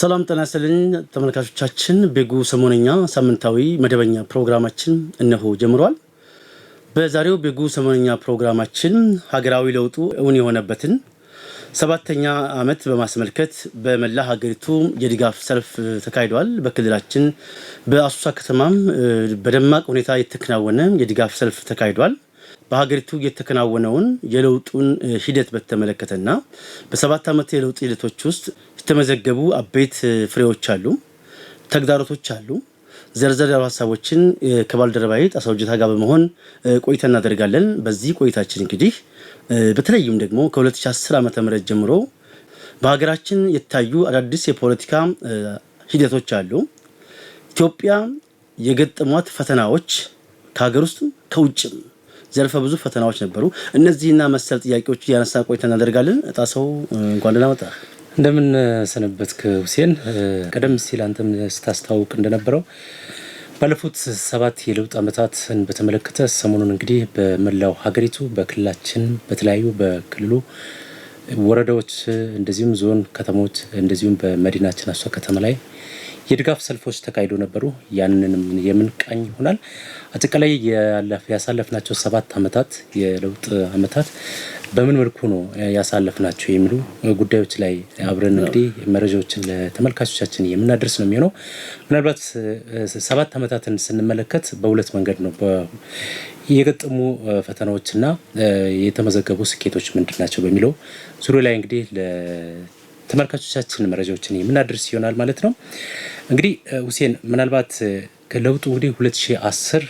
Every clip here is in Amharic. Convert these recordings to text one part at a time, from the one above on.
ሰላም ጤና ይስጥልኝ ተመልካቾቻችን፣ ቤጉ ሰሞነኛ ሳምንታዊ መደበኛ ፕሮግራማችን እነሆ ጀምሯል። በዛሬው ቤጉ ሰሞነኛ ፕሮግራማችን ሀገራዊ ለውጡ እውን የሆነበትን ሰባተኛ ዓመት በማስመልከት በመላ ሀገሪቱ የድጋፍ ሰልፍ ተካሂዷል። በክልላችን በአሶሳ ከተማም በደማቅ ሁኔታ የተከናወነ የድጋፍ ሰልፍ ተካሂዷል። በሀገሪቱ የተከናወነውን የለውጡን ሂደት በተመለከተና በሰባት ዓመት የለውጥ ሂደቶች ውስጥ የተመዘገቡ አበይት ፍሬዎች አሉ፣ ተግዳሮቶች አሉ። ዘርዘር ያሉ ሀሳቦችን ከባልደረባዬ ጣሳው ውጀታ ጋር በመሆን ቆይታ እናደርጋለን። በዚህ ቆይታችን እንግዲህ በተለይም ደግሞ ከ2010 ዓ ም ጀምሮ በሀገራችን የታዩ አዳዲስ የፖለቲካ ሂደቶች አሉ። ኢትዮጵያ የገጠሟት ፈተናዎች ከሀገር ውስጥ ከውጭም ዘርፈ ብዙ ፈተናዎች ነበሩ። እነዚህና መሰል ጥያቄዎች እያነሳ ቆይተ እናደርጋለን። እጣ ሰው እንኳን ደህና መጣ። እንደምን ሰነበትክ ሁሴን። ቀደም ሲል አንተም ስታስታውቅ እንደነበረው ባለፉት ሰባት የለውጥ ዓመታትን በተመለከተ ሰሞኑን እንግዲህ በመላው ሀገሪቱ በክልላችን በተለያዩ በክልሉ ወረዳዎች እንደዚሁም ዞን ከተሞች እንደዚሁም በመዲናችን አሶ ከተማ ላይ የድጋፍ ሰልፎች ተካሂዶ ነበሩ። ያንንም የምንቃኝ ይሆናል። አጠቃላይ ያሳለፍናቸው ሰባት ዓመታት የለውጥ ዓመታት በምን መልኩ ነው ያሳለፍናቸው የሚሉ ጉዳዮች ላይ አብረን እንግዲህ መረጃዎችን ለተመልካቾቻችን የምናደርስ ነው የሚሆነው። ምናልባት ሰባት ዓመታትን ስንመለከት በሁለት መንገድ ነው የገጠሙ ፈተናዎችና የተመዘገቡ ስኬቶች ምንድን ናቸው በሚለው ዙሪያ ላይ እንግዲህ ተመልካቾቻችን መረጃዎችን የምናደርስ ይሆናል ማለት ነው። እንግዲህ ሁሴን ምናልባት ከለውጡ እንግዲህ 2010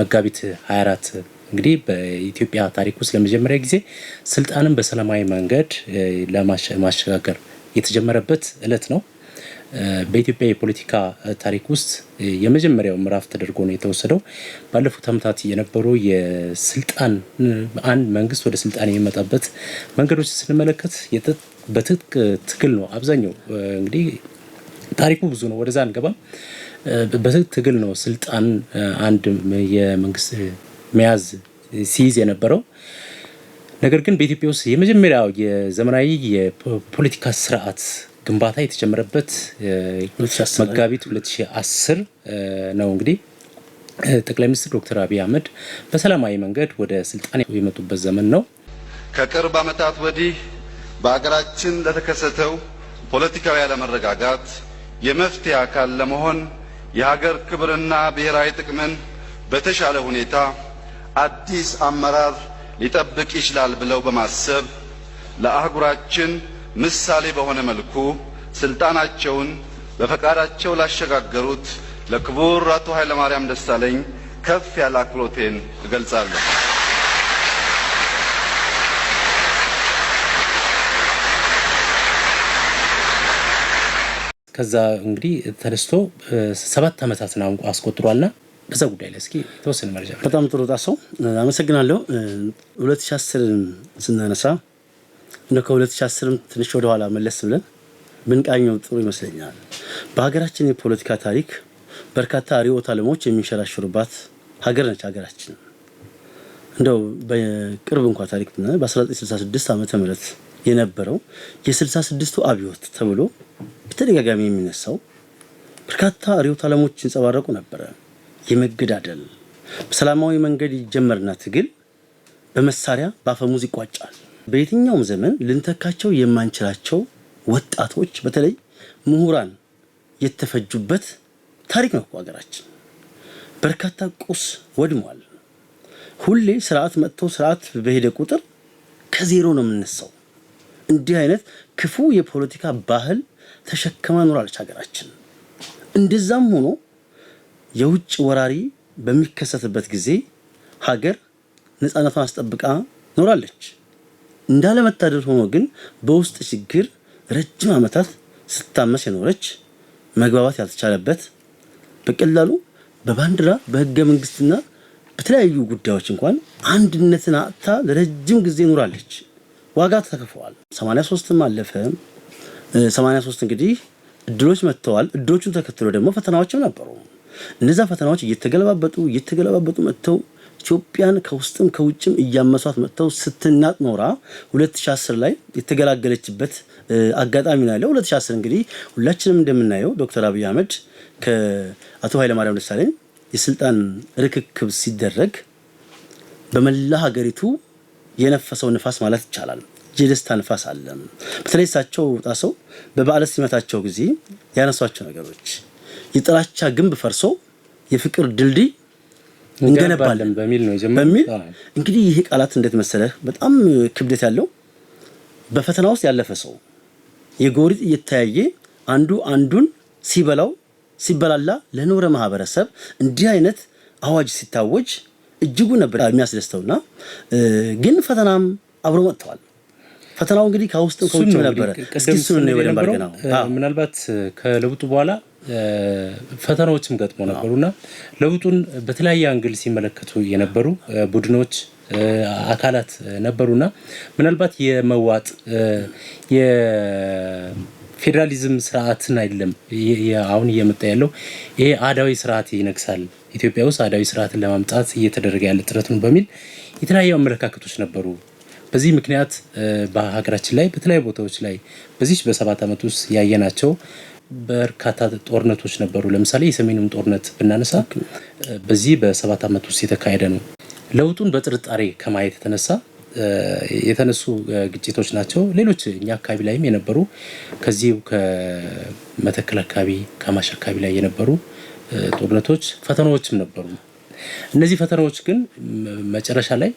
መጋቢት 24 እንግዲህ በኢትዮጵያ ታሪክ ውስጥ ለመጀመሪያ ጊዜ ስልጣንን በሰላማዊ መንገድ ለማሸጋገር የተጀመረበት እለት ነው። በኢትዮጵያ የፖለቲካ ታሪክ ውስጥ የመጀመሪያው ምዕራፍ ተደርጎ ነው የተወሰደው። ባለፉት ዓመታት የነበሩ የስልጣን አንድ መንግስት ወደ ስልጣን የሚመጣበት መንገዶች ስንመለከት በትጥቅ ትግል ነው አብዛኛው። እንግዲህ ታሪኩ ብዙ ነው፣ ወደዛ አንገባም። በትጥቅ ትግል ነው ስልጣን አንድ የመንግስት መያዝ ሲይዝ የነበረው። ነገር ግን በኢትዮጵያ ውስጥ የመጀመሪያው የዘመናዊ የፖለቲካ ስርዓት ግንባታ የተጀመረበት መጋቢት 2010 ነው እንግዲህ ጠቅላይ ሚኒስትር ዶክተር አብይ አህመድ በሰላማዊ መንገድ ወደ ስልጣን የመጡበት ዘመን ነው። ከቅርብ ዓመታት ወዲህ በሀገራችን ለተከሰተው ፖለቲካዊ አለመረጋጋት የመፍትሄ አካል ለመሆን የሀገር ክብርና ብሔራዊ ጥቅምን በተሻለ ሁኔታ አዲስ አመራር ሊጠብቅ ይችላል ብለው በማሰብ ለአህጉራችን ምሳሌ በሆነ መልኩ ስልጣናቸውን በፈቃዳቸው ላሸጋገሩት ለክቡር አቶ ኃይለማርያም ደሳለኝ ከፍ ያለ አክብሮቴን እገልጻለሁ። ከዛ እንግዲህ ተነስቶ ሰባት ዓመታትን አስቆጥሯልና በዛ ጉዳይ ላይ እስኪ የተወሰነ መረጃ። በጣም ጥሩ ጣሰው፣ አመሰግናለሁ። 2010 ስናነሳ እነ ከ2010 ትንሽ ወደኋላ መለስ ብለን ብንቃኘው ጥሩ ይመስለኛል። በሀገራችን የፖለቲካ ታሪክ በርካታ ርዕዮተ ዓለሞች የሚንሸራሽሩባት ሀገር ነች። ሀገራችን እንደው በቅርብ እንኳ ታሪክ በ1966 ዓ. ምህረት የነበረው የ66ቱ አብዮት ተብሎ በተደጋጋሚ የሚነሳው በርካታ ርዕዮተ ዓለሞች ይንጸባረቁ ነበረ። የመገዳደል በሰላማዊ መንገድ ይጀመርና ትግል በመሳሪያ በአፈሙዝ ይቋጫል። በየትኛውም ዘመን ልንተካቸው የማንችላቸው ወጣቶች፣ በተለይ ምሁራን የተፈጁበት ታሪክ ነው ሀገራችን። በርካታ ቁስ ወድሟል። ሁሌ ስርዓት መጥቶ ስርዓት በሄደ ቁጥር ከዜሮ ነው የምነሳው። እንዲህ አይነት ክፉ የፖለቲካ ባህል ተሸክማ ኖራለች ሀገራችን። እንደዛም ሆኖ የውጭ ወራሪ በሚከሰትበት ጊዜ ሀገር ነፃነቷን አስጠብቃ ኖራለች። እንዳለመታደል ሆኖ ግን በውስጥ ችግር ረጅም ዓመታት ስታመስ የኖረች መግባባት ያልተቻለበት በቀላሉ በባንዲራ በህገ መንግስትና በተለያዩ ጉዳዮች እንኳን አንድነትን አጥታ ለረጅም ጊዜ ኑራለች። ዋጋ ተከፍሏል። አለፈ። 83 እንግዲህ እድሎች መጥተዋል። እድሎቹን ተከትሎ ደግሞ ፈተናዎችም ነበሩ። እነዚ ፈተናዎች እየተገለባበጡ እየተገለባበጡ መጥተው ኢትዮጵያን ከውስጥም ከውጭም እያመሷት መጥተው ስትናጥ ኖራ 2010 ላይ የተገላገለችበት አጋጣሚ ነው ያለው። 2010 እንግዲህ ሁላችንም እንደምናየው ዶክተር አብይ አህመድ ከአቶ ኃይለማርያም ደሳለኝ የስልጣን ርክክብ ሲደረግ በመላ ሀገሪቱ የነፈሰው ንፋስ ማለት ይቻላል የደስታ ንፋስ አለ። በተለይ እሳቸው ጣሰው በበዓለ ሲመታቸው ጊዜ ያነሷቸው ነገሮች የጥላቻ ግንብ ፈርሶ የፍቅር ድልድይ እንገነባለን በሚል ነው በሚል እንግዲህ ይሄ ቃላት እንዴት መሰለህ በጣም ክብደት ያለው በፈተና ውስጥ ያለፈ ሰው የጎሪጥ እየተያየ አንዱ አንዱን ሲበላው ሲበላላ ለኖረ ማህበረሰብ እንዲህ አይነት አዋጅ ሲታወጅ እጅጉ ነበር የሚያስደስተውና ግን ፈተናም አብሮ መጥተዋል። ፈተናው እንግዲህ ከውስጥ ከውጭ ነበረ። እስኪ እሱን ነው ምናልባት ከለውጡ በኋላ ፈተናዎችም ገጥሞ ነበሩ እና ለውጡን በተለያየ አንግል ሲመለከቱ የነበሩ ቡድኖች አካላት ነበሩና ምናልባት የመዋጥ የፌዴራሊዝም ስርዓትን አይደለም አሁን እየመጣ ያለው ይሄ አዳዊ ስርዓት ይነግሳል ኢትዮጵያ ውስጥ አዳዊ ስርዓትን ለማምጣት እየተደረገ ያለ ጥረት ነው በሚል የተለያዩ አመለካከቶች ነበሩ። በዚህ ምክንያት በሀገራችን ላይ በተለያዩ ቦታዎች ላይ በዚች በሰባት ዓመት ውስጥ ያየናቸው በርካታ ጦርነቶች ነበሩ። ለምሳሌ የሰሜኑን ጦርነት ብናነሳ በዚህ በሰባት ዓመት ውስጥ የተካሄደ ነው። ለውጡን በጥርጣሬ ከማየት የተነሳ የተነሱ ግጭቶች ናቸው። ሌሎች እኛ አካባቢ ላይም የነበሩ ከዚህ ከመተከል አካባቢ ከማሽ አካባቢ ላይ የነበሩ ጦርነቶች ፈተናዎችም ነበሩ። እነዚህ ፈተናዎች ግን መጨረሻ ላይ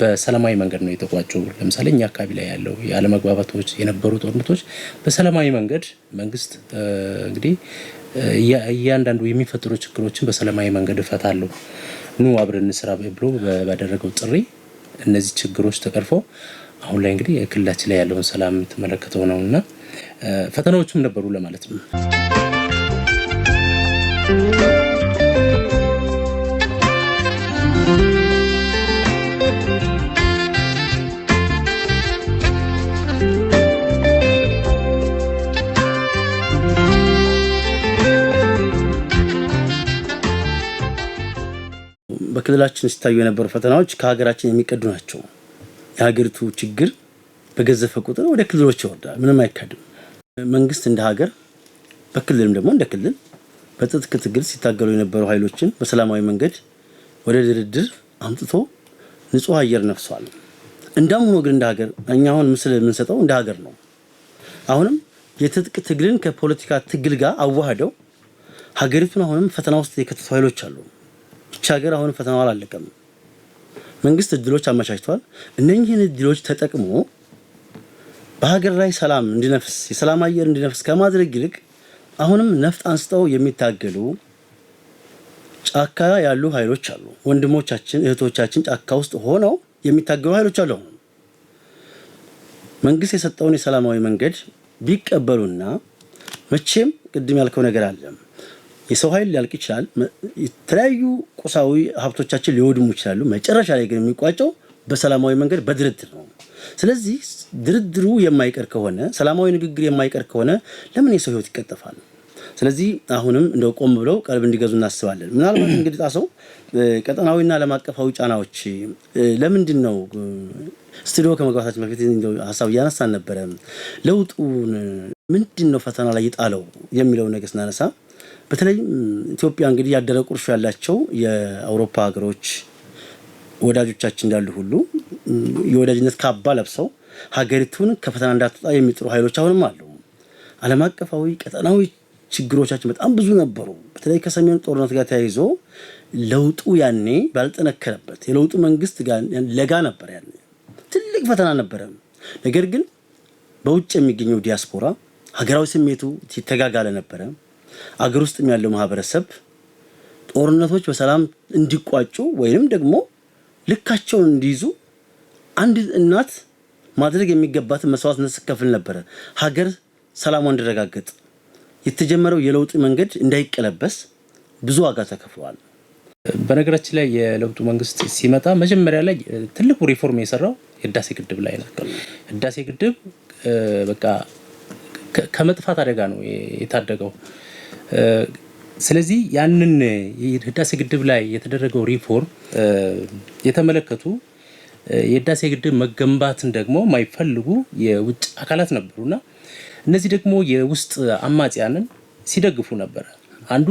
በሰላማዊ መንገድ ነው የተቋጩ። ለምሳሌ እኛ አካባቢ ላይ ያለው የአለመግባባቶች የነበሩ ጦርነቶች በሰላማዊ መንገድ መንግስት እንግዲህ እያንዳንዱ የሚፈጥሩ ችግሮችን በሰላማዊ መንገድ እፈታለሁ፣ ኑ አብረን እንስራ ብሎ ባደረገው ጥሪ እነዚህ ችግሮች ተቀርፎ አሁን ላይ እንግዲህ ክልላችን ላይ ያለውን ሰላም የምትመለከተው ነው እና ፈተናዎቹም ነበሩ ለማለት ነው። በክልላችን ሲታዩ የነበሩ ፈተናዎች ከሀገራችን የሚቀዱ ናቸው። የሀገሪቱ ችግር በገዘፈ ቁጥር ወደ ክልሎች ይወርዳል። ምንም አይካድም። መንግስት እንደ ሀገር በክልልም ደግሞ እንደ ክልል በትጥቅ ትግል ሲታገሉ የነበሩ ኃይሎችን በሰላማዊ መንገድ ወደ ድርድር አምጥቶ ንጹህ አየር ነፍሷል። እንዳም ሆኖ ግን እንደ ሀገር እኛ አሁን ምስል የምንሰጠው እንደ ሀገር ነው። አሁንም የትጥቅ ትግልን ከፖለቲካ ትግል ጋር አዋህደው ሀገሪቱን አሁንም ፈተና ውስጥ የከተቱ ኃይሎች አሉ። ይቺ ሀገር አሁን ፈተናው አላለቀም። መንግስት እድሎች አመቻችቷል። እነኚህን እድሎች ተጠቅሞ በሀገር ላይ ሰላም እንዲነፍስ የሰላም አየር እንዲነፍስ ከማድረግ ይልቅ አሁንም ነፍጥ አንስተው የሚታገሉ ጫካ ያሉ ኃይሎች አሉ። ወንድሞቻችን እህቶቻችን ጫካ ውስጥ ሆነው የሚታገሉ ኃይሎች አሉ። አሁን መንግስት የሰጠውን የሰላማዊ መንገድ ቢቀበሉና መቼም ቅድም ያልከው ነገር አለም የሰው ኃይል ሊያልቅ ይችላል። የተለያዩ ቁሳዊ ሀብቶቻችን ሊወድሙ ይችላሉ። መጨረሻ ላይ ግን የሚቋጨው በሰላማዊ መንገድ በድርድር ነው። ስለዚህ ድርድሩ የማይቀር ከሆነ ሰላማዊ ንግግር የማይቀር ከሆነ ለምን የሰው ህይወት ይቀጠፋል? ስለዚህ አሁንም እንደው ቆም ብለው ቀልብ እንዲገዙ እናስባለን። ምናልባት እንግዲህ ጣሰው ቀጠናዊና ዓለም አቀፋዊ ጫናዎች ለምንድን ነው ስቱዲዮ ከመግባታችን በፊት ሀሳብ እያነሳን ነበረ። ለውጡን ምንድን ነው ፈተና ላይ ጣለው የሚለው ነገር ስናነሳ በተለይም ኢትዮጵያ እንግዲህ ያደረ ቁርሾ ያላቸው የአውሮፓ ሀገሮች ወዳጆቻችን እንዳሉ ሁሉ የወዳጅነት ካባ ለብሰው ሀገሪቱን ከፈተና እንዳትወጣ የሚጥሩ ኃይሎች አሁንም አሉ። ዓለም አቀፋዊ ቀጠናዊ ችግሮቻችን በጣም ብዙ ነበሩ። በተለይ ከሰሜኑ ጦርነት ጋር ተያይዞ ለውጡ ያኔ ባልጠነከረበት የለውጡ መንግስት ለጋ ነበር። ያኔ ትልቅ ፈተና ነበረ። ነገር ግን በውጭ የሚገኘው ዲያስፖራ ሀገራዊ ስሜቱ ይተጋጋለ ነበረ። አገር ውስጥም ያለው ማህበረሰብ ጦርነቶች በሰላም እንዲቋጩ ወይንም ደግሞ ልካቸውን እንዲይዙ አንድ እናት ማድረግ የሚገባትን መስዋዕትነት ስከፍል ነበረ። ሀገር ሰላሟ እንዲረጋገጥ የተጀመረው የለውጥ መንገድ እንዳይቀለበስ ብዙ ዋጋ ተከፍሏል። በነገራችን ላይ የለውጡ መንግስት ሲመጣ መጀመሪያ ላይ ትልቁ ሪፎርም የሰራው ህዳሴ ግድብ ላይ ነው። ህዳሴ ግድብ በቃ ከመጥፋት አደጋ ነው የታደገው። ስለዚህ ያንን ህዳሴ ግድብ ላይ የተደረገው ሪፎርም የተመለከቱ የህዳሴ ግድብ መገንባትን ደግሞ የማይፈልጉ የውጭ አካላት ነበሩና እነዚህ ደግሞ የውስጥ አማጽያንን ሲደግፉ ነበረ። አንዱ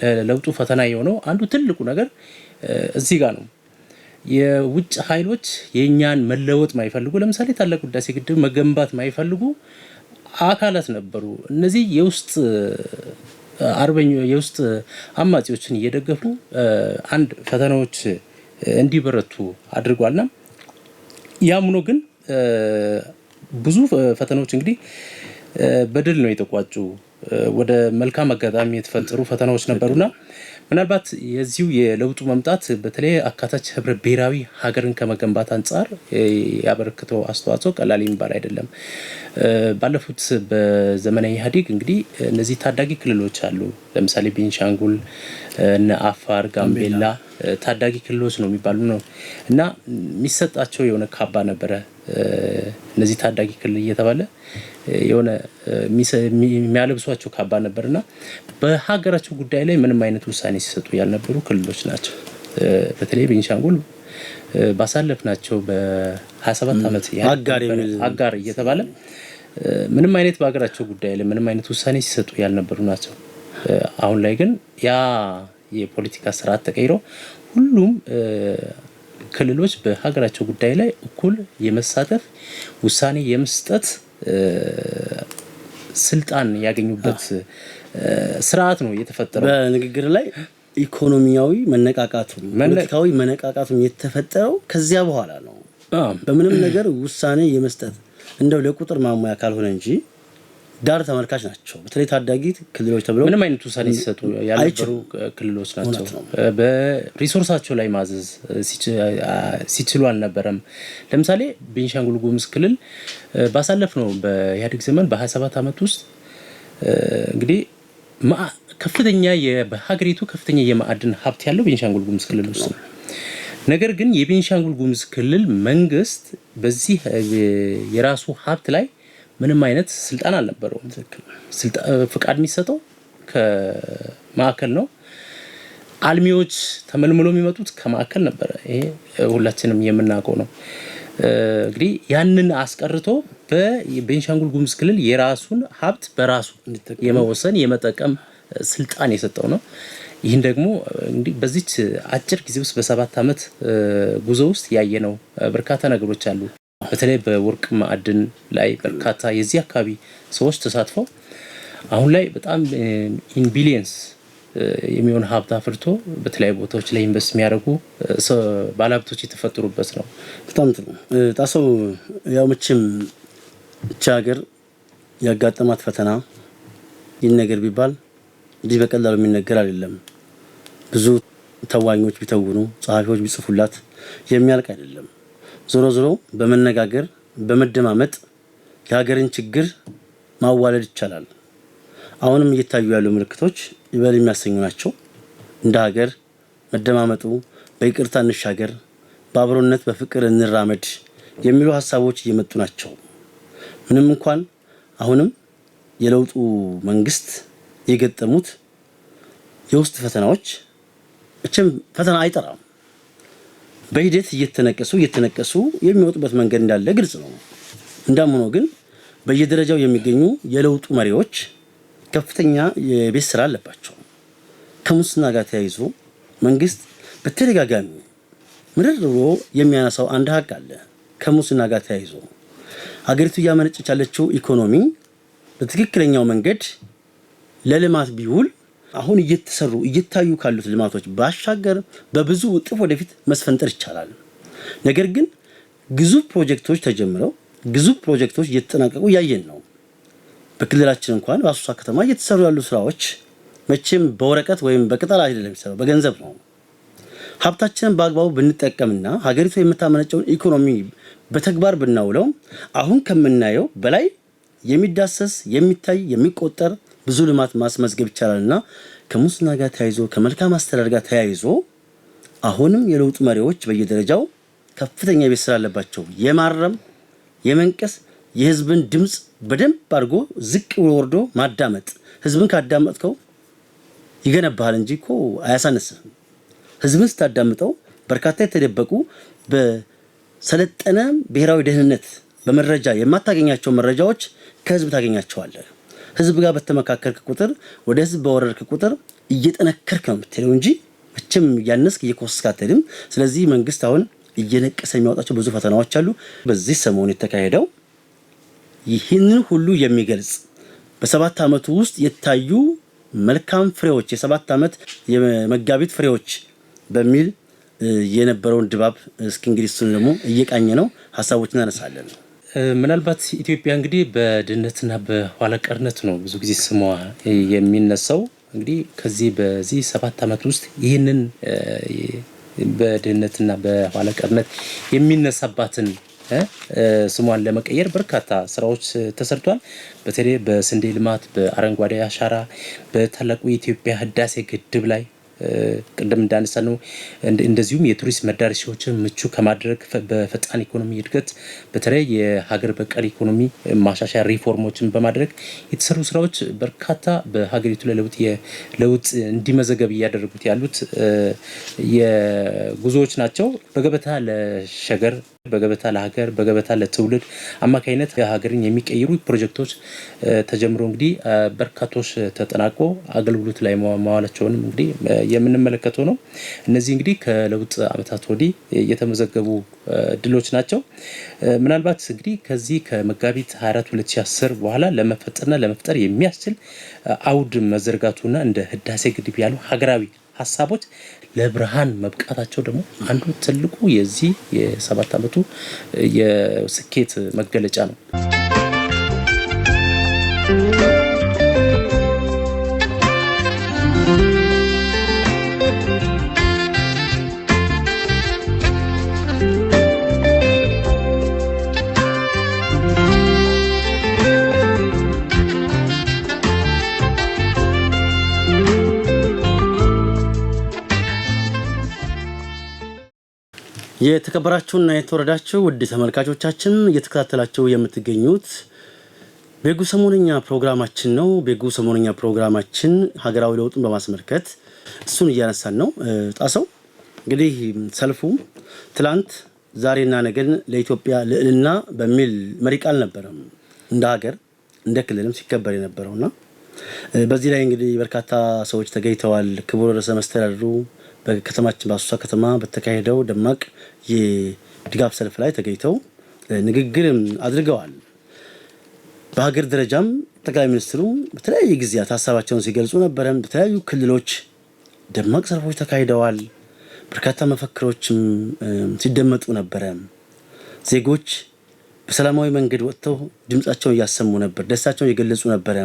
ለለውጡ ፈተና የሆነው አንዱ ትልቁ ነገር እዚህ ጋር ነው። የውጭ ኃይሎች የእኛን መለወጥ ማይፈልጉ፣ ለምሳሌ ታላቁ ህዳሴ ግድብ መገንባት ማይፈልጉ አካላት ነበሩ። እነዚህ የውስጥ አርበኞ የውስጥ አማጺዎችን እየደገፉ አንድ ፈተናዎች እንዲበረቱ አድርጓልና ያምኖ ግን ብዙ ፈተናዎች እንግዲህ በድል ነው የተቋጩ። ወደ መልካም አጋጣሚ የተፈጠሩ ፈተናዎች ነበሩና ምናልባት የዚሁ የለውጡ መምጣት በተለይ አካታች ህብረ ብሔራዊ ሀገርን ከመገንባት አንጻር ያበረክተው አስተዋጽኦ ቀላል የሚባል አይደለም። ባለፉት በዘመናዊ ኢህአዴግ እንግዲህ እነዚህ ታዳጊ ክልሎች አሉ። ለምሳሌ ቤንሻንጉል እነ አፋር፣ ጋምቤላ ታዳጊ ክልሎች ነው የሚባሉ ነው እና የሚሰጣቸው የሆነ ካባ ነበረ። እነዚህ ታዳጊ ክልል እየተባለ የሆነ የሚያለብሷቸው ካባ ነበር እና በሀገራቸው ጉዳይ ላይ ምንም አይነት ውሳኔ ሲሰጡ ያልነበሩ ክልሎች ናቸው። በተለይ ቤንሻንጉል ባሳለፍናቸው በ27 ዓመት አጋር እየተባለ ምንም አይነት በሀገራቸው ጉዳይ ላይ ምንም አይነት ውሳኔ ሲሰጡ ያልነበሩ ናቸው። አሁን ላይ ግን ያ የፖለቲካ ስርዓት ተቀይሮ ሁሉም ክልሎች በሀገራቸው ጉዳይ ላይ እኩል የመሳተፍ ውሳኔ የመስጠት ስልጣን ያገኙበት ስርዓት ነው እየተፈጠረ በንግግር ላይ ኢኮኖሚያዊ መነቃቃቱም ፖለቲካዊ መነቃቃቱም የተፈጠረው ከዚያ በኋላ ነው። በምንም ነገር ውሳኔ የመስጠት እንደው ለቁጥር ማሙያ ካልሆነ እንጂ ዳር ተመልካች ናቸው። በተለይ ታዳጊ ክልሎች ተብለው ምንም አይነት ውሳኔ ሲሰጡ ያልነበሩ ክልሎች ናቸው። በሪሶርሳቸው ላይ ማዘዝ ሲችሉ አልነበረም። ለምሳሌ ቤንሻንጉል ጉሙዝ ክልል ባሳለፍ ነው በኢህአዴግ ዘመን በ27 ዓመት ውስጥ እንግዲህ ከፍተኛ በሀገሪቱ ከፍተኛ የማዕድን ሀብት ያለው ቤንሻንጉል ጉሙዝ ክልል ውስጥ ነው። ነገር ግን የቤንሻንጉል ጉሙዝ ክልል መንግስት በዚህ የራሱ ሀብት ላይ ምንም አይነት ስልጣን አልነበረውም። ፍቃድ የሚሰጠው ከማዕከል ነው። አልሚዎች ተመልምሎ የሚመጡት ከማዕከል ነበረ። ይሄ ሁላችንም የምናውቀው ነው። እንግዲህ ያንን አስቀርቶ በቤንሻንጉል ጉሙዝ ክልል የራሱን ሀብት በራሱ የመወሰን የመጠቀም ስልጣን የሰጠው ነው። ይህን ደግሞ እንግዲህ በዚች አጭር ጊዜ ውስጥ በሰባት ዓመት ጉዞ ውስጥ ያየነው በርካታ ነገሮች አሉ። በተለይ በወርቅ ማዕድን ላይ በርካታ የዚህ አካባቢ ሰዎች ተሳትፈው አሁን ላይ በጣም ኢን ቢሊየንስ የሚሆን ሀብት አፍርቶ በተለያዩ ቦታዎች ላይ ኢንቨስት የሚያደርጉ ባለሀብቶች የተፈጠሩበት ነው። በጣም ጥሩ ጣሰው፣ ያው መቼም እቺ ሀገር ያጋጠማት ፈተና ይህን ነገር ቢባል እንዲህ በቀላሉ የሚነገር አይደለም። ብዙ ተዋኞች ቢተውኑ፣ ጸሐፊዎች ቢጽፉላት የሚያልቅ አይደለም። ዞሮ ዞሮ በመነጋገር በመደማመጥ የሀገርን ችግር ማዋለድ ይቻላል። አሁንም እየታዩ ያሉ ምልክቶች ይበል የሚያሰኙ ናቸው። እንደ ሀገር መደማመጡ፣ በይቅርታ እንሻገር፣ በአብሮነት በፍቅር እንራመድ የሚሉ ሀሳቦች እየመጡ ናቸው። ምንም እንኳን አሁንም የለውጡ መንግስት የገጠሙት የውስጥ ፈተናዎች እችም ፈተና አይጠራም። በሂደት እየተነቀሱ እየተነቀሱ የሚወጡበት መንገድ እንዳለ ግልጽ ነው። እንዳም ሆኖ ግን በየደረጃው የሚገኙ የለውጡ መሪዎች ከፍተኛ የቤት ስራ አለባቸው። ከሙስና ጋር ተያይዞ መንግስት በተደጋጋሚ ምርር ብሎ የሚያነሳው አንድ ሀቅ አለ። ከሙስና ጋር ተያይዞ ሀገሪቱ እያመነጨች ያለችው ኢኮኖሚ በትክክለኛው መንገድ ለልማት ቢውል አሁን እየተሰሩ እየታዩ ካሉት ልማቶች ባሻገር በብዙ እጥፍ ወደፊት መስፈንጠር ይቻላል። ነገር ግን ግዙፍ ፕሮጀክቶች ተጀምረው ግዙፍ ፕሮጀክቶች እየተጠናቀቁ እያየን ነው። በክልላችን እንኳን በአሶሳ ከተማ እየተሰሩ ያሉ ስራዎች መቼም በወረቀት ወይም በቅጠል አይደለም የሚሰራው፣ በገንዘብ ነው። ሀብታችንን በአግባቡ ብንጠቀምና ሀገሪቱ የምታመነጨውን ኢኮኖሚ በተግባር ብናውለው አሁን ከምናየው በላይ የሚዳሰስ የሚታይ የሚቆጠር ብዙ ልማት ማስመዝገብ ይቻላል እና ከሙስና ጋር ተያይዞ ከመልካም አስተዳደር ጋር ተያይዞ አሁንም የለውጡ መሪዎች በየደረጃው ከፍተኛ ቤት ስራ አለባቸው። የማረም የመንቀስ የህዝብን ድምፅ በደንብ አድርጎ ዝቅ ብሎ ወርዶ ማዳመጥ። ህዝብን ካዳመጥከው ይገነባሃል እንጂ እኮ አያሳነስም። ህዝብን ስታዳምጠው በርካታ የተደበቁ በሰለጠነ ብሔራዊ ደህንነት በመረጃ የማታገኛቸው መረጃዎች ከህዝብ ታገኛቸዋለህ። ህዝብ ጋር በተመካከልክ ቁጥር ወደ ህዝብ በወረድክ ቁጥር እየጠነከርክ ነው የምትሄደው እንጂ መቼም እያነስክ እየኮስክ አትሄድም። ስለዚህ መንግስት አሁን እየነቀሰ የሚያወጣቸው ብዙ ፈተናዎች አሉ። በዚህ ሰሞን የተካሄደው ይህንን ሁሉ የሚገልጽ በሰባት ዓመቱ ውስጥ የታዩ መልካም ፍሬዎች የሰባት ዓመት የመጋቢት ፍሬዎች በሚል የነበረውን ድባብ እስኪ እንግዲህ እሱን ደግሞ እየቃኘ ነው ሀሳቦችን እናነሳለን። ምናልባት ኢትዮጵያ እንግዲህ በድህነትና በኋላቀርነት ነው ብዙ ጊዜ ስሟ የሚነሳው። እንግዲህ ከዚህ በዚህ ሰባት ዓመት ውስጥ ይህንን በድህነትና በኋላቀርነት የሚነሳባትን ስሟን ለመቀየር በርካታ ስራዎች ተሰርቷል። በተለይ በስንዴ ልማት፣ በአረንጓዴ አሻራ፣ በታላቁ የኢትዮጵያ ህዳሴ ግድብ ላይ ቅድም እንዳነሳ ነው። እንደዚሁም የቱሪስት መዳረሻዎችን ምቹ ከማድረግ በፈጣን ኢኮኖሚ እድገት በተለይ የሀገር በቀል ኢኮኖሚ ማሻሻያ ሪፎርሞችን በማድረግ የተሰሩ ስራዎች በርካታ በሀገሪቱ ላይ ለውጥ ለውጥ እንዲመዘገብ እያደረጉት ያሉት የጉዞዎች ናቸው። በገበታ ለሸገር፣ በገበታ ለሀገር፣ በገበታ ለትውልድ አማካኝነት ሀገርን የሚቀይሩ ፕሮጀክቶች ተጀምሮ እንግዲህ በርካቶች ተጠናቆ አገልግሎት ላይ መዋላቸውንም እንግዲህ የምንመለከተው ነው። እነዚህ እንግዲህ ከለውጥ ዓመታት ወዲህ የተመዘገቡ ድሎች ናቸው። ምናልባት እንግዲህ ከዚህ ከመጋቢት 24 2010 በኋላ ለመፈጠርና ለመፍጠር የሚያስችል አውድ መዘርጋቱና እንደ ህዳሴ ግድብ ያሉ ሀገራዊ ሀሳቦች ለብርሃን መብቃታቸው ደግሞ አንዱ ትልቁ የዚህ የሰባት ዓመቱ የስኬት መገለጫ ነው። የተከበራችሁና የተወረዳችሁ ውድ ተመልካቾቻችን እየተከታተላችሁ የምትገኙት ቤጉ ሰሞነኛ ፕሮግራማችን ነው። ቤጉ ሰሞነኛ ፕሮግራማችን ሀገራዊ ለውጡን በማስመልከት እሱን እያነሳን ነው። ጣሰው እንግዲህ ሰልፉ ትላንት ዛሬና ነገን ለኢትዮጵያ ልዕልና በሚል መሪ ቃል ነበረም እንደ ሀገር እንደ ክልልም ሲከበር የነበረውና በዚህ ላይ እንግዲህ በርካታ ሰዎች ተገኝተዋል። ክቡር ርዕሰ መስተዳድሩ በከተማችን በአሶሳ ከተማ በተካሄደው ደማቅ የድጋፍ ሰልፍ ላይ ተገኝተው ንግግር አድርገዋል። በሀገር ደረጃም ጠቅላይ ሚኒስትሩ በተለያየ ጊዜያት ሀሳባቸውን ሲገልጹ ነበረም። በተለያዩ ክልሎች ደማቅ ሰልፎች ተካሂደዋል። በርካታ መፈክሮችም ሲደመጡ ነበረ። ዜጎች በሰላማዊ መንገድ ወጥተው ድምፃቸውን እያሰሙ ነበር፣ ደስታቸውን እየገለጹ ነበረ።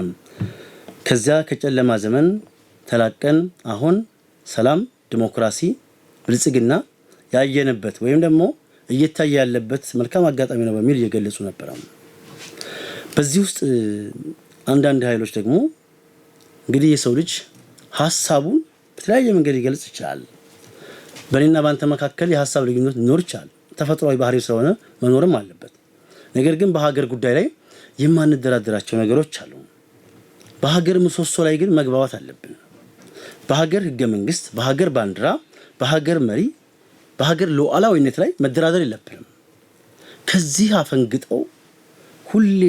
ከዚያ ከጨለማ ዘመን ተላቀን አሁን ሰላም ዲሞክራሲ ብልጽግና ያየንበት ወይም ደግሞ እየታየ ያለበት መልካም አጋጣሚ ነው በሚል እየገለጹ ነበር። በዚህ ውስጥ አንዳንድ ኃይሎች ደግሞ እንግዲህ የሰው ልጅ ሀሳቡን በተለያየ መንገድ ሊገልጽ ይችላል። በእኔና በአንተ መካከል የሀሳብ ልዩነት ሊኖር ይችላል። ተፈጥሯዊ ባህሪ ስለሆነ መኖርም አለበት። ነገር ግን በሀገር ጉዳይ ላይ የማንደራደራቸው ነገሮች አሉ። በሀገር ምሰሶ ላይ ግን መግባባት አለብን። በሀገር ህገ መንግስት፣ በሀገር ባንዲራ፣ በሀገር መሪ፣ በሀገር ሉዓላዊነት ላይ መደራደር የለብንም። ከዚህ አፈንግጠው ሁሌ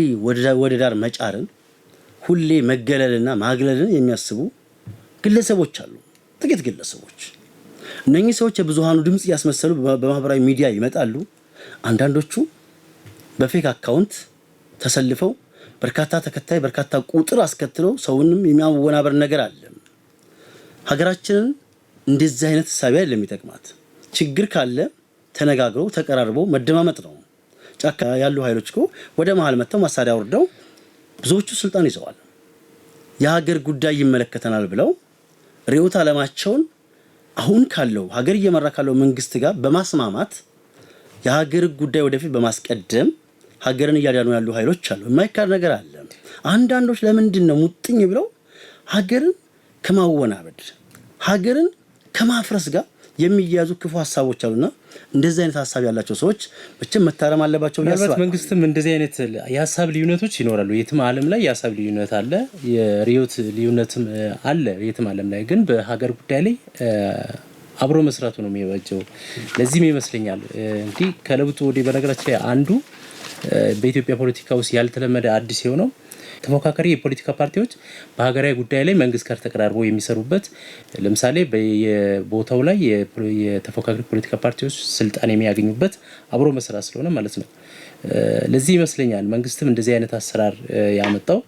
ወደ ዳር መጫርን፣ ሁሌ መገለልና ማግለልን የሚያስቡ ግለሰቦች አሉ፣ ጥቂት ግለሰቦች። እነኚህ ሰዎች የብዙሃኑ ድምፅ እያስመሰሉ በማህበራዊ ሚዲያ ይመጣሉ። አንዳንዶቹ በፌክ አካውንት ተሰልፈው በርካታ ተከታይ በርካታ ቁጥር አስከትለው ሰውንም የሚያወናበር ነገር አለ። ሀገራችንን እንደዚህ አይነት ሳቢያ አይደለም የሚጠቅማት። ችግር ካለ ተነጋግሮ ተቀራርቦ መደማመጥ ነው። ጫካ ያሉ ኃይሎች እኮ ወደ መሀል መጥተው መሳሪያ ወርደው ብዙዎቹ ስልጣን ይዘዋል። የሀገር ጉዳይ ይመለከተናል ብለው ርዕዮተ ዓለማቸውን አሁን ካለው ሀገር እየመራ ካለው መንግስት ጋር በማስማማት የሀገር ጉዳይ ወደፊት በማስቀደም ሀገርን እያዳኑ ያሉ ኃይሎች አሉ። የማይካድ ነገር አለ። አንዳንዶች ለምንድን ነው ሙጥኝ ብለው ሀገርን ከማወናበድ ሀገርን ከማፍረስ ጋር የሚያያዙ ክፉ ሀሳቦች አሉና እንደዚህ አይነት ሀሳብ ያላቸው ሰዎች ብቻ መታረም አለባቸው። ምናልባት መንግስትም እንደዚህ አይነት የሀሳብ ልዩነቶች ይኖራሉ። የትም ዓለም ላይ የሀሳብ ልዩነት አለ፣ የርዕዮት ልዩነትም አለ። የትም ዓለም ላይ ግን በሀገር ጉዳይ ላይ አብሮ መስራቱ ነው የሚበጀው። ለዚህም ይመስለኛል እንግዲህ ከለውጡ ወዲህ በነገራችን ላይ አንዱ በኢትዮጵያ ፖለቲካ ውስጥ ያልተለመደ አዲስ የሆነው ተፎካካሪ የፖለቲካ ፓርቲዎች በሀገራዊ ጉዳይ ላይ መንግስት ጋር ተቀራርበው የሚሰሩበት ለምሳሌ በየቦታው ላይ የተፎካካሪ ፖለቲካ ፓርቲዎች ስልጣን የሚያገኙበት አብሮ መስራት ስለሆነ ማለት ነው። ለዚህ ይመስለኛል መንግስትም እንደዚህ አይነት አሰራር ያመጣው።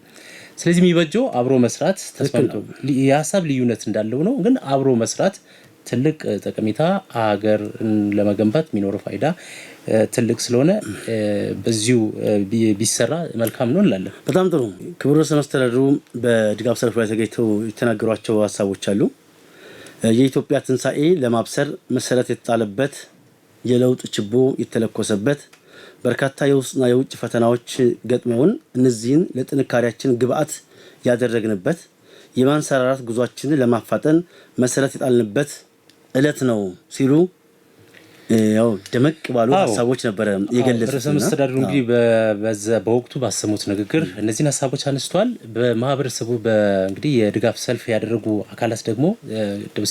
ስለዚህ የሚበጀው አብሮ መስራት ተስማምቶ የሀሳብ ልዩነት እንዳለው ነው፣ ግን አብሮ መስራት ትልቅ ጠቀሜታ ሀገርን ለመገንባት የሚኖረው ፋይዳ ትልቅ ስለሆነ በዚሁ ቢሰራ መልካም ነው እንላለን። በጣም ጥሩ። ክቡር ርዕሰ መስተዳድሩ በድጋፍ ሰልፍ ላይ ተገኝተው የተናገሯቸው ሀሳቦች አሉ። የኢትዮጵያ ትንሣኤ ለማብሰር መሰረት የተጣለበት የለውጥ ችቦ የተለኮሰበት በርካታ የውስጥና የውጭ ፈተናዎች ገጥመውን እነዚህን ለጥንካሬያችን ግብአት ያደረግንበት የማንሰራራት ጉዟችንን ለማፋጠን መሰረት የጣልንበት እለት ነው ሲሉ ያው ደመቅ ባሉ ሀሳቦች ነበረ የገለጹት። ርዕሰ መስተዳድሩ እንግዲህ በወቅቱ ባሰሙት ንግግር እነዚህን ሀሳቦች አነስተዋል። በማህበረሰቡ እንግዲህ የድጋፍ ሰልፍ ያደረጉ አካላት ደግሞ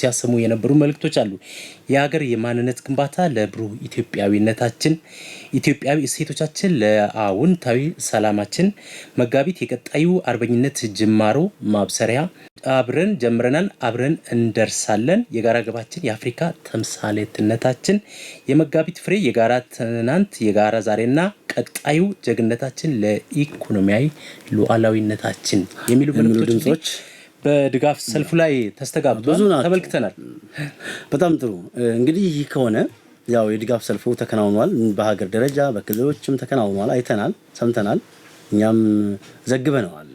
ሲያሰሙ የነበሩ መልእክቶች አሉ። የሀገር የማንነት ግንባታ ለብሩህ ኢትዮጵያዊነታችን፣ ኢትዮጵያዊ እሴቶቻችን፣ ለአውንታዊ ሰላማችን መጋቢት የቀጣዩ አርበኝነት ጅማሮ ማብሰሪያ አብረን ጀምረናል፣ አብረን እንደርሳለን። የጋራ ግባችን የአፍሪካ ተምሳሌትነታችን የመጋቢት ፍሬ የጋራ ትናንት፣ የጋራ ዛሬና ቀጣዩ ጀግነታችን ለኢኮኖሚያዊ ሉዓላዊነታችን የሚሉ ድምጾች በድጋፍ ሰልፉ ላይ ተስተጋብቷል፣ ተመልክተናል። በጣም ጥሩ እንግዲህ ይህ ከሆነ ያው የድጋፍ ሰልፉ ተከናውኗል። በሀገር ደረጃ በክልሎችም ተከናውኗል። አይተናል፣ ሰምተናል፣ እኛም ዘግበነዋል።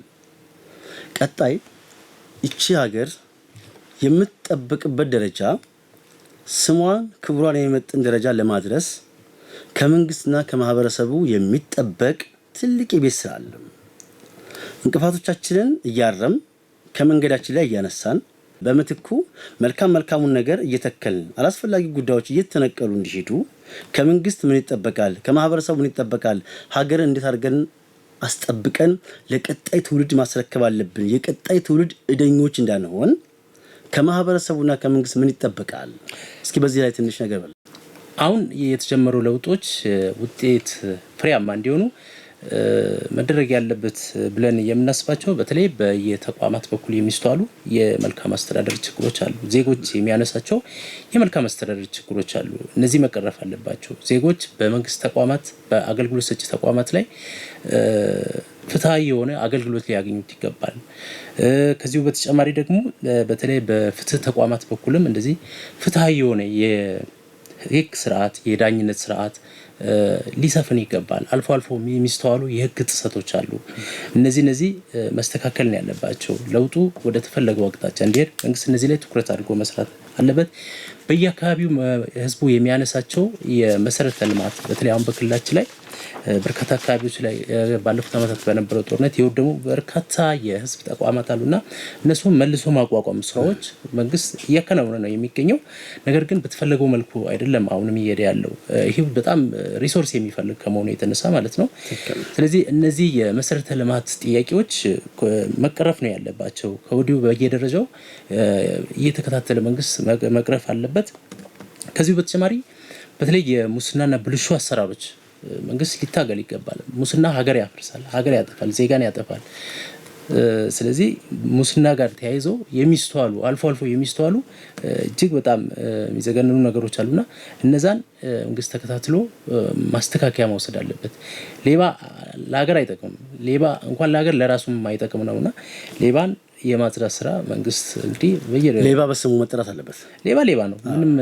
ቀጣይ ይቺ ሀገር የምትጠበቅበት ደረጃ ስሟን ክብሯን የሚመጥን ደረጃ ለማድረስ ከመንግስትና ከማህበረሰቡ የሚጠበቅ ትልቅ የቤት ስራ አለ። እንቅፋቶቻችንን እያረም ከመንገዳችን ላይ እያነሳን በምትኩ መልካም መልካሙን ነገር እየተከልን አላስፈላጊ ጉዳዮች እየተነቀሉ እንዲሄዱ ከመንግስት ምን ይጠበቃል? ከማህበረሰቡ ምን ይጠበቃል? ሀገርን እንዴት አድርገን አስጠብቀን ለቀጣይ ትውልድ ማስረከብ አለብን። የቀጣይ ትውልድ እደኞች እንዳንሆን ከማህበረሰቡና ከመንግስት ምን ይጠበቃል? እስኪ በዚህ ላይ ትንሽ ነገር በል። አሁን የተጀመሩ ለውጦች ውጤት ፍሬያማ እንዲሆኑ መደረግ ያለበት ብለን የምናስባቸው በተለይ በየተቋማት በኩል የሚስተዋሉ የመልካም አስተዳደር ችግሮች አሉ። ዜጎች የሚያነሳቸው የመልካም አስተዳደር ችግሮች አሉ። እነዚህ መቀረፍ አለባቸው። ዜጎች በመንግስት ተቋማት፣ በአገልግሎት ሰጪ ተቋማት ላይ ፍትሐዊ የሆነ አገልግሎት ሊያገኙት ይገባል። ከዚሁ በተጨማሪ ደግሞ በተለይ በፍትህ ተቋማት በኩልም እንደዚህ ፍትሐዊ የሆነ የህግ ስርዓት የዳኝነት ስርዓት ሊሰፍን ይገባል። አልፎ አልፎ የሚስተዋሉ የህግ ጥሰቶች አሉ። እነዚህ እነዚህ መስተካከል ነው ያለባቸው። ለውጡ ወደ ተፈለገው አቅጣጫ እንዲሄድ መንግስት እነዚህ ላይ ትኩረት አድርጎ መስራት አለበት። በየአካባቢው ህዝቡ የሚያነሳቸው የመሰረተ ልማት በተለይ አሁን በክልላችን ላይ በርካታ አካባቢዎች ላይ ባለፉት ዓመታት በነበረው ጦርነት የወደሙ በርካታ የህዝብ ተቋማት አሉና እነሱ መልሶ ማቋቋም ስራዎች መንግስት እያከናወነ ነው የሚገኘው። ነገር ግን በተፈለገው መልኩ አይደለም አሁንም እየሄደ ያለው። ይህ በጣም ሪሶርስ የሚፈልግ ከመሆኑ የተነሳ ማለት ነው። ስለዚህ እነዚህ የመሰረተ ልማት ጥያቄዎች መቀረፍ ነው ያለባቸው። ከወዲሁ በየደረጃው እየተከታተለ መንግስት መቅረፍ አለበት። ከዚሁ በተጨማሪ በተለይ የሙስናና ብልሹ አሰራሮች መንግስት ሊታገል ይገባል። ሙስና ሀገር ያፈርሳል፣ ሀገር ያጠፋል፣ ዜጋን ያጠፋል። ስለዚህ ሙስና ጋር ተያይዘው የሚስተዋሉ አልፎ አልፎ የሚስተዋሉ እጅግ በጣም የሚዘገንኑ ነገሮች አሉና እነዛን መንግስት ተከታትሎ ማስተካከያ መውሰድ አለበት። ሌባ ለሀገር አይጠቅምም። ሌባ እንኳን ለሀገር ለራሱም አይጠቅም ነውና ሌባን የማጽዳት ስራ መንግስት እንግዲህ ሌባ በስሙ መጠራት አለበት። ሌባ ሌባ ነው። ምንም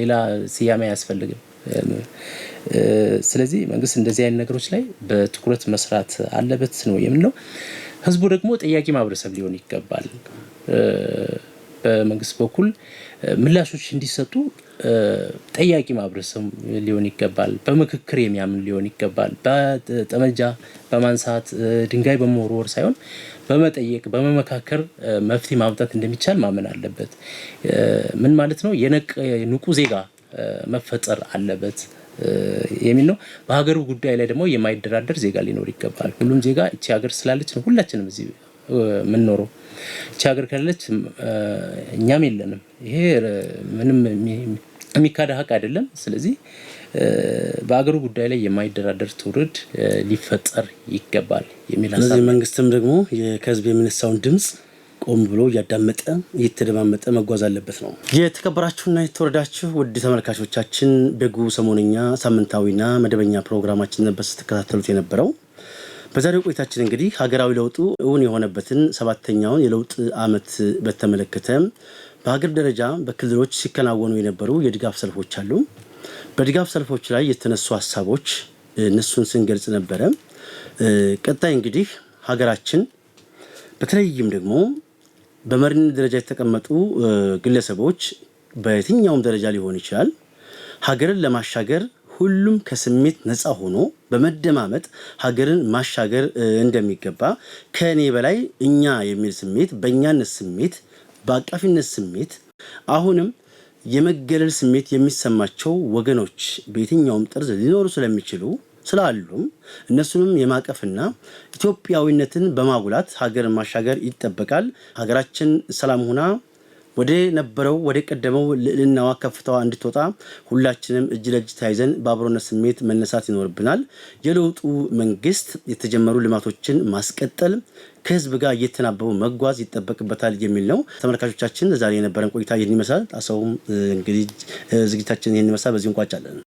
ሌላ ስያሜ አያስፈልግም። ስለዚህ መንግስት እንደዚህ አይነት ነገሮች ላይ በትኩረት መስራት አለበት ነው የምንለው። ህዝቡ ደግሞ ጠያቂ ማህበረሰብ ሊሆን ይገባል። በመንግስት በኩል ምላሾች እንዲሰጡ ጠያቂ ማህበረሰብ ሊሆን ይገባል። በምክክር የሚያምን ሊሆን ይገባል። በጠመንጃ በማንሳት ድንጋይ በመወርወር ሳይሆን በመጠየቅ በመመካከር መፍትሄ ማምጣት እንደሚቻል ማመን አለበት። ምን ማለት ነው? የንቁ ዜጋ መፈጠር አለበት። የሚል ነው። በሀገሩ ጉዳይ ላይ ደግሞ የማይደራደር ዜጋ ሊኖር ይገባል። ሁሉም ዜጋ እቺ ሀገር ስላለች ነው ሁላችንም እዚህ የምንኖረው። እቺ ሀገር ካለች እኛም የለንም። ይሄ ምንም የሚካደ ሀቅ አይደለም። ስለዚህ በሀገሩ ጉዳይ ላይ የማይደራደር ትውልድ ሊፈጠር ይገባል የሚል ስለዚህ መንግስትም ደግሞ ከህዝብ የሚነሳውን ድምፅ ቆም ብሎ እያዳመጠ እየተደማመጠ መጓዝ አለበት ነው። የተከበራችሁና የተወረዳችሁ ውድ ተመልካቾቻችን በጉ ሰሞነኛ ሳምንታዊና መደበኛ ፕሮግራማችን ነበር ስትከታተሉት የነበረው። በዛሬው ቆይታችን እንግዲህ ሀገራዊ ለውጡ እውን የሆነበትን ሰባተኛውን የለውጥ ዓመት በተመለከተ በሀገር ደረጃ በክልሎች ሲከናወኑ የነበሩ የድጋፍ ሰልፎች አሉ። በድጋፍ ሰልፎች ላይ የተነሱ ሀሳቦች እነሱን ስንገልጽ ነበረ። ቀጣይ እንግዲህ ሀገራችን በተለይም ደግሞ በመሪነት ደረጃ የተቀመጡ ግለሰቦች በየትኛውም ደረጃ ሊሆን ይችላል ሀገርን ለማሻገር ሁሉም ከስሜት ነፃ ሆኖ በመደማመጥ ሀገርን ማሻገር እንደሚገባ ከእኔ በላይ እኛ የሚል ስሜት፣ በእኛነት ስሜት፣ በአቃፊነት ስሜት አሁንም የመገለል ስሜት የሚሰማቸው ወገኖች በየትኛውም ጠርዝ ሊኖሩ ስለሚችሉ ስላሉም እነሱንም የማቀፍና ኢትዮጵያዊነትን በማጉላት ሀገር ማሻገር ይጠበቃል። ሀገራችን ሰላም ሆና ወደ ነበረው ወደ ቀደመው ልዕልናዋ ከፍታዋ እንድትወጣ ሁላችንም እጅ ለእጅ ተያይዘን በአብሮነት ስሜት መነሳት ይኖርብናል። የለውጡ መንግስት የተጀመሩ ልማቶችን ማስቀጠል ከህዝብ ጋር እየተናበቡ መጓዝ ይጠበቅበታል የሚል ነው። ተመልካቾቻችን ዛሬ የነበረን ቆይታ ይህን ይመስላል። ጣሰውም እንግዲህ ዝግጅታችን ይህን ይመስላል። በዚህ እንቋጫለን።